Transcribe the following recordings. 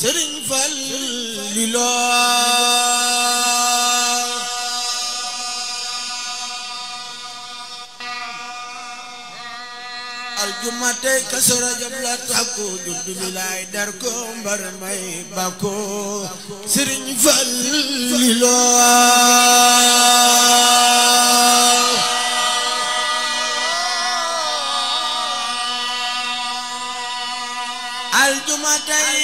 sëriñ fal li loo aljuma tey kasu rajab la takku juddu bi mbar may bakko sëriñ fal li loo aljuma tey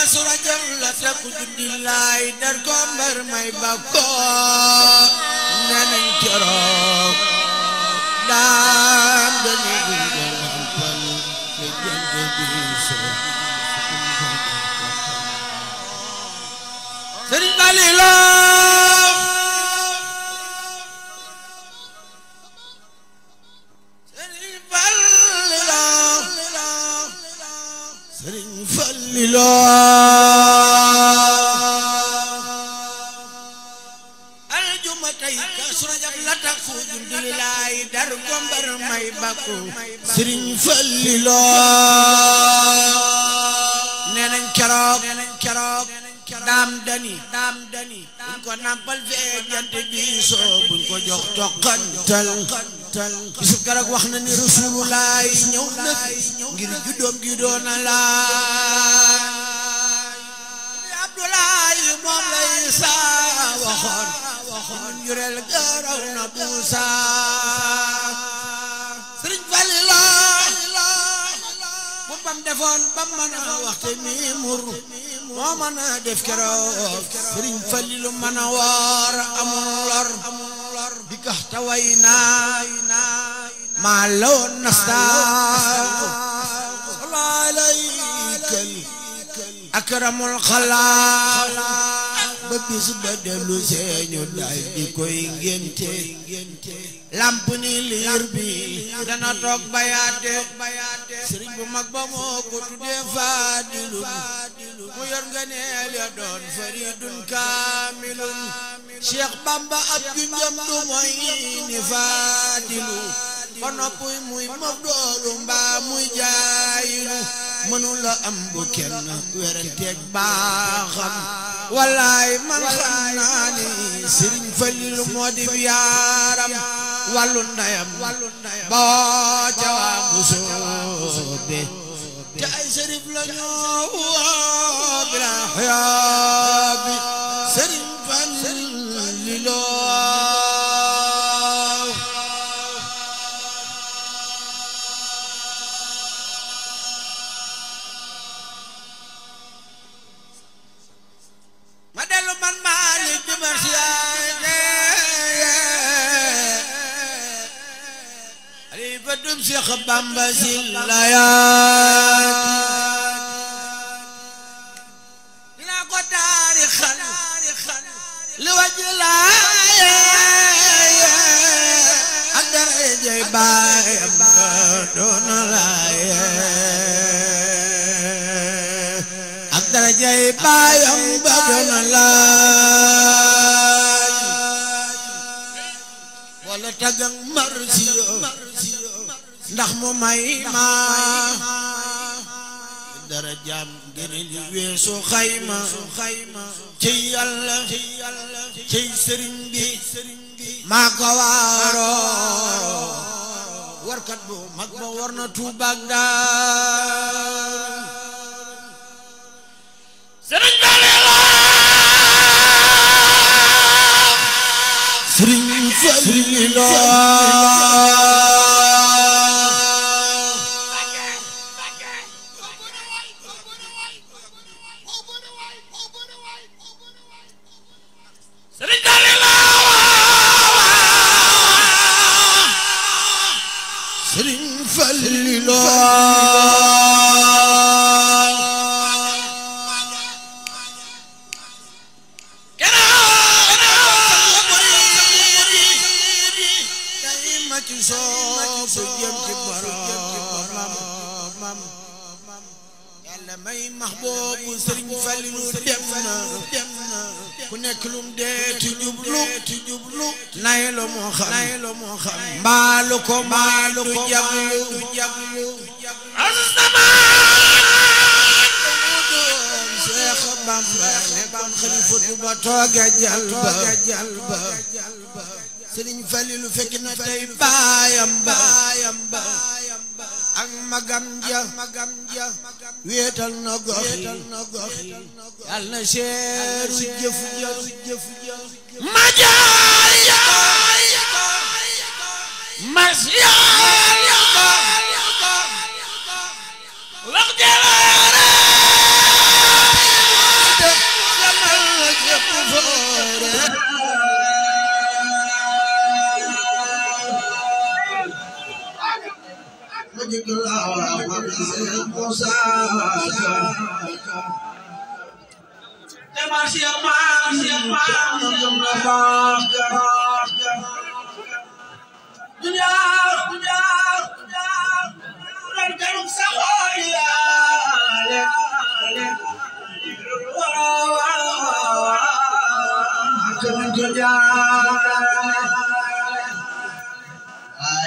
basura jam la sakku juddi laay dar ko mbar may bakkoo nee nañ corook daan dañu dundal nampal te jënd biisu sëriñ Baliila dani buñ ko nampal fee jant bi soo buñ ko jox toqantal Yusuf Garag wax na ni Rasulullah ñëw na ngir juddoom gi doon na laay Abdoulaye moom lay saa waxoon waxoon jureel garaw na buusa Sëriñ Falila bu bam defoon bam mën a waxte mi mur moo mën a def keroog sëriñ Falilu mën a woor amul lor di gax taway naay maa lawoon nastaaku salaalayka akramul xalaaq ba liir bi dana toog bayaate sëriñ bu mag ba moo ko tuddee faadilu mu yor ya doon faridun kaamilun cheikh bamba ab junjam du mooy ni faadilu noppuy muy mof doolu mbaa muy jaayilu mënu am bu kenn werenteeg baaxam wallaay man xam naa ni sëriñ Falilu moo di yaaram wàllu ndayam boo ca waa musóobe te ay sërif la ñoo Seex Bamba si layaat na ko daari xal li waji laaye ak darajay baayam ba doon laaye ak darajay baayam ba doon laaye wala tagang marsiyo ndax mu may ma dara jaam gën li weesu xayma ci yàlla ci sëriñ bi maa ko waaroo warkat bu mag ba war na tuubaag daal sëriñ Balla sëriñ Fallu boobu sëriñ Falilu dem na ku nekk lum dee ti jublu ti jublu nay lo xam nay ko mbaalu ko jablu jablu asama Seex Bamba Falilu fekk na tey baayam baayam ba ak magam ja wéetal na gox yi yal na seeru jëf jëf ma jaay mas yaa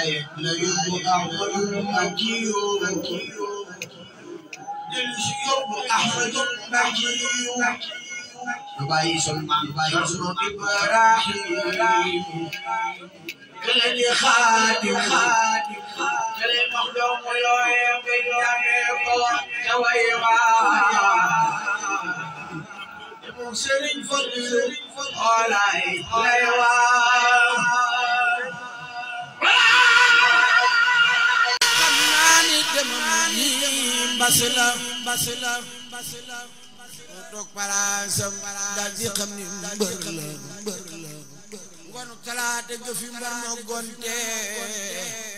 ليبقى المكي للشيوخ أحمد المكي نبي سلمان يصنع إبراهيم كلي خادم خادم كلي مخدوم يوم بالجميع جويما مسلم فل فل ولا إلا يوام mbas la mbas la mbas la toog palaasam daal di xam ni mbër la mbër la ngonu talaata nga fi mbër moo gontee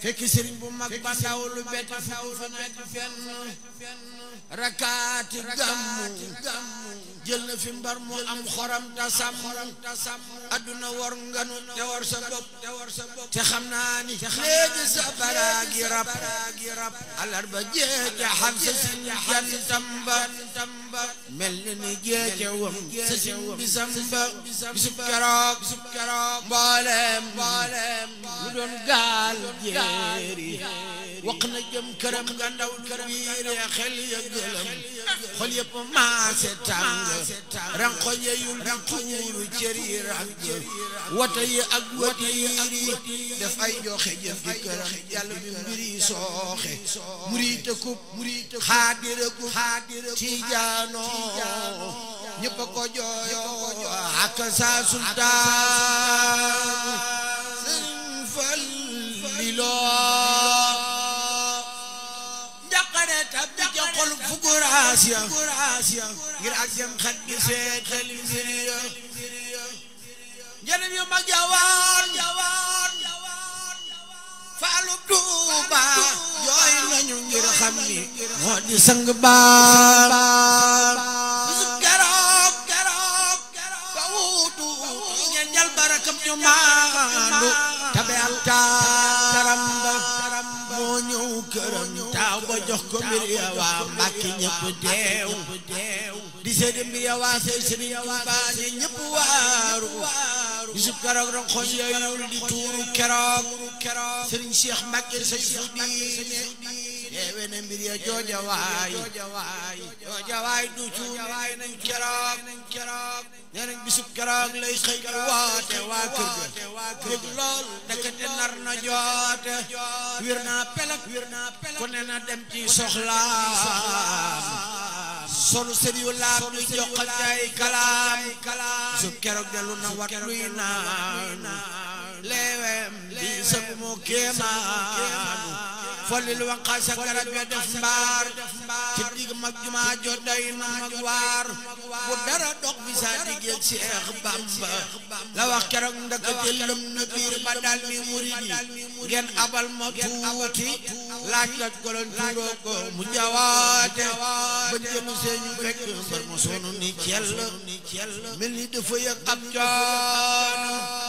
fekki sëriñ bu mag ba ndaw lu bett faw fa nekk fenn rakaati gàmmu jël na fi mbar mu am xoram ta sàmm adduna war nganu te war sa bopp te xam naa ni léegi sa baraagi rab alarba jeeja xam sa si jantam ba mel ni ni géejewam sa si bisamba bisub keroog bisub keroog mbooleem mbooleem lu doon gaal jéeri wax na jëm këram nga ndaw wiiree xel ya gëlëm xol yëpp maase tàng ranko yeyul di tuuru cër yi ràgg wata yi ak watiir yi def ay joxe jëf di këram yàlla bi mbir yi sooxe muriita kub xaadira kub tiijaanoo ñëpp a ko jooyoo ak saa sultaan sëñ fal li kuraas ya ngir ak jëm xat gi seet xel mbir ya njëriñ yu mag jawaan faalu Tuuba jooy nañu ngir xam ni moo di sang baar bisu keroog keroog ka wuutu ngeen jal barakam ñu maandu tabe al taaram ba moo ñëw këram taaw ba jox ko mbir ya waa Mbàkke ñëpp deew di seede mbir ya waa say sëriñ Tuubaa ne ñëpp waaru bisub keroog rek xoñ yooyul di tuuru keroog sëriñ Cheikh Mbàkke say sudi deewe na mbir ya jooja waay jooja waay du cuunañ keroog bisub garaag lay xëy waate waa kër ga bëgg lool ndekete nar na joote wir naa pelak ku ne na dem ci soxlaam solu sër yu laab nuy joxal ay kalaam bisub keroog dellu na wat luy naan leewem bi sëg moo kéemaanu folil wanqaas ak garab ya def mbaar ci digg mag jumaa jo day nu mag waar bu dara dox bi saa diggéeg Seex Bamba la wax keroog ndëkk ci lëm na biir ba dal mi murid yi abal ma tuuti laaj la golon tuuroo ko mu jawaate ba jëmu see ñu fekk mbër ma sonu ni cell mel ni dafa yëg ab coono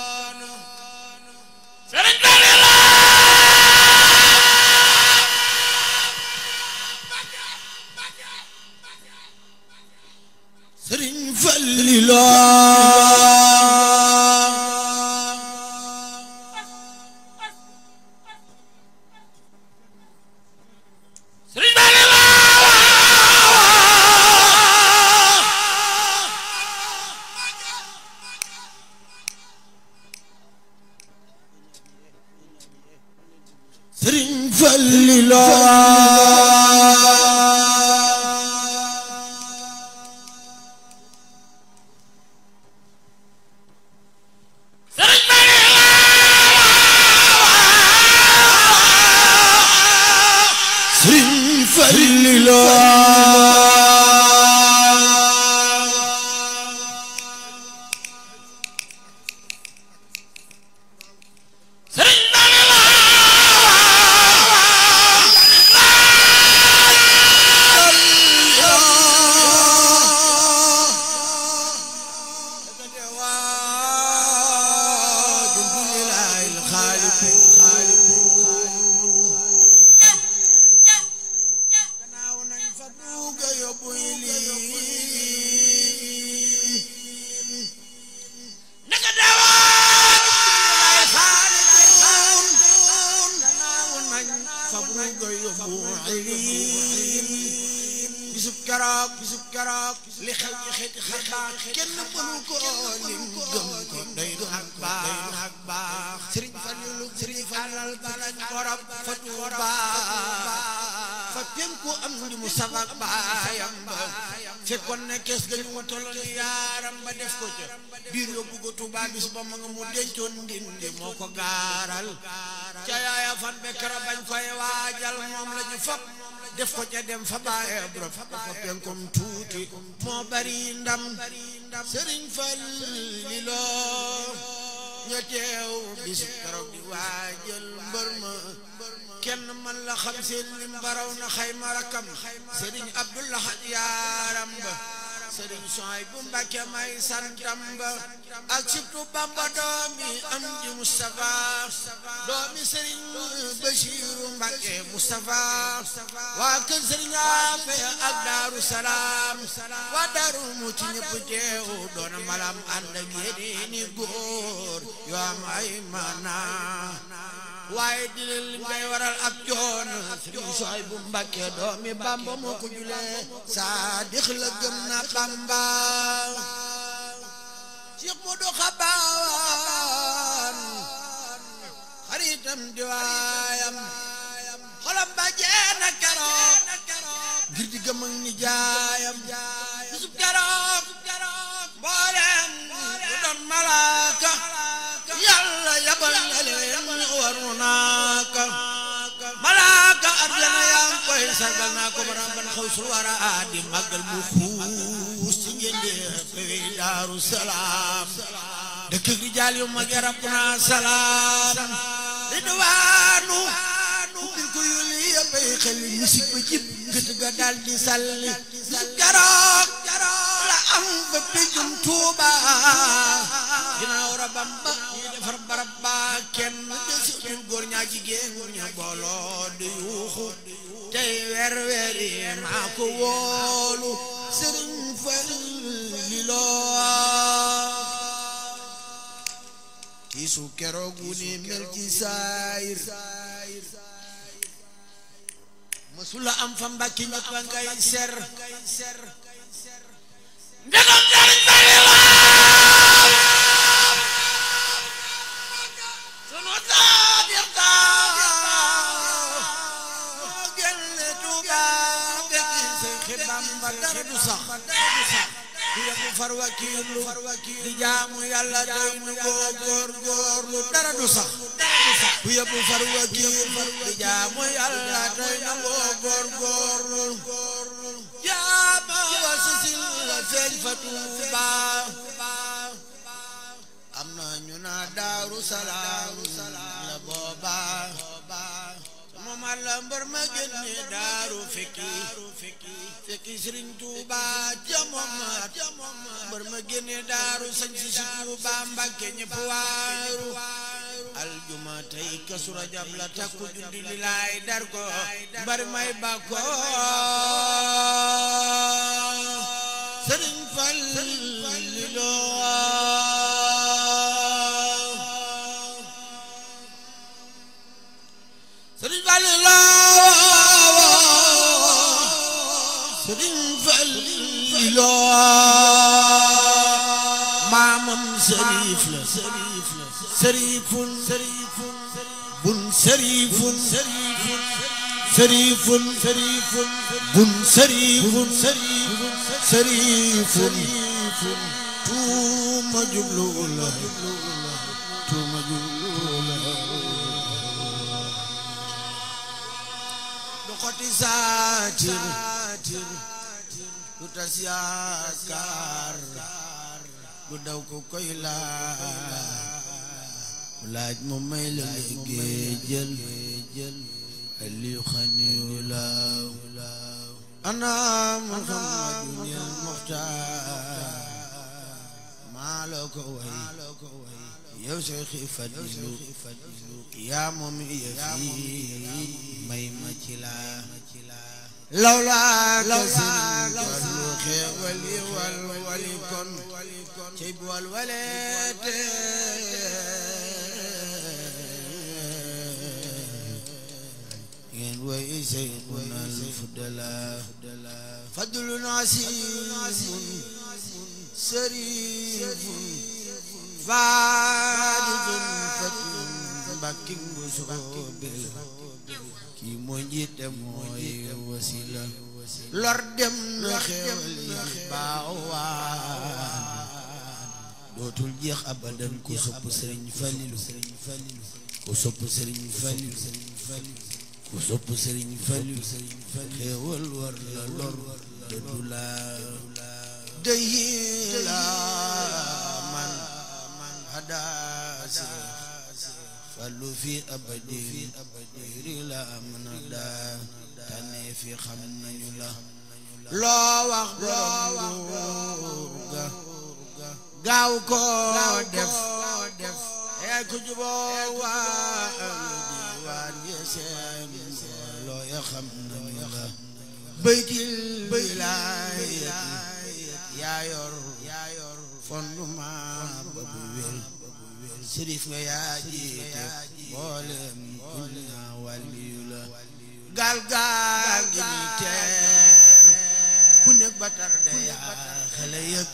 mu'min bisub keroog bisub keroog li xew ci xeeti xarbaax kenn mënu ko lim ko doy du ak baax ak baax sëriñ fa tuubaa fa am li mu sabak baayam ba fekkoon na kees ga ñu tolloon yaaram def ko ca biir yóbbu ko Tuubaa bis ba ma nga mu dencoon ndindi moo ko gaaral ceernoon be kero bañ koy waajal moom la ñu def ko ca dem fa baaye abro fa penkum tuuti moo bari ndam sëriñ fal liloo ña teew bis keroog di waajal mbër kenn man la xam seen lim baraw na xayma rakam sëriñ Abdullah yaaram ba sëriñ sooy bu Mbakke may santam ba ak surtout Bamba doomi am ji Moustapha doomi sëriñ Bachiru Mbakke waa kër sëriñ Afe ak Daaru Salaam waa Daaru mu ci ñëpp teew doona malam ànd ak yeneeni góor yoo am ay maanaa waaye di leen li may waral ak coono Sëriñ Suhaybu Mbàkke doomi Bàmba moo ko julee saadix la gëm na Bàmba Cheikh Modou Xabaan xaritam di waayam xolam ba jeena keroog ngir di gëm ak ni jaayam bisub keroog sargal naa ko maram ban xaw wara di màggal mu xuus ci njëndeef wey gi jaal yu mag ya rabbuna salaam ridwaanu ubbil yuli ya bay xel musik ba jib gët ga dal di salli garoog la am ba pejum tuuba ginnaaw rabam ba ngay wer wer yi maa ko wóolu sëriñ Faliloo kiisu keroog wu ni mel ci saayir mësula am fa mbàkki ñëpp a ngay ser bambal te du sax ku yëngu far wakiilu di jaamu yàlla doy nu koo góorgóorlu dara du sax ku yëngu far wakiilu di jaamu yàlla doy nu koo góorgóorlu jaama wasusil la feeñ fa Tuuba am na ñu na daaru salaam la booba la mbër ma génne daaru fekki fekki sëriñ Tuuba jamomat mbër ma génne daaru sañ si si Tuuba Mbàkke ñëpp waaru aljuma tey kasu rajab la takku jundi li laay dar ko mbër may bàkko sëriñ Fal li loo sërifun sërifun bun sërifun sërifun sërifun sërifun bun sërifun sërifun sërifun tuuma jublu la saatir du tas yaakaar du daw ko koy laaj mu laaj mu may la liggéey jël aliyu xaniyu laaw ana muhammadun al muxtaar maa la ko yow Cheikh Fadilou yaa moom yëfi may ma ci laa lawlaa ka Sëriñ Fallu yi wal wali kon ci bool waleete ngeen way faadizul fatum mbàkki nguusu bil kii mooy njiite mooy wasila lor dem na xewal yi baawaan dootul jeex abadan ku sopp sëriñ falilu ku sopp sëriñ falilu ku sopp sëriñ falilu xewal war la lor dëddu la dëyi la fàllu fi abadi ri la mën a daa tànnee fi xam nañu la loo wax borom ga gaaw ko def yaay ku juboo waa diwaan ya seen loo ya xam nañu la bëykil bilaay yaa yor fondement ba bu wér sërif nga yaa jiite mboolem kuñ naa wàlliyu la gaal gaal gi ñuy teer ku ne batar de yaa xale yëg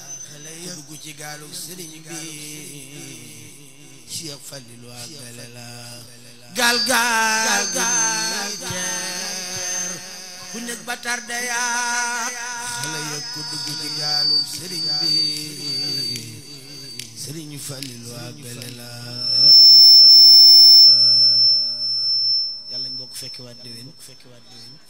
ku dugg ci gaalu sëriñ bi Cheikh Fallilou àggale la gaal gaal gi ñuy teer ku ne batar de yaa xale yëg ku dugg ci gaalu sëriñ bi Serigne Fallil waa Galela yàlla ñu bokk fekki waat déwén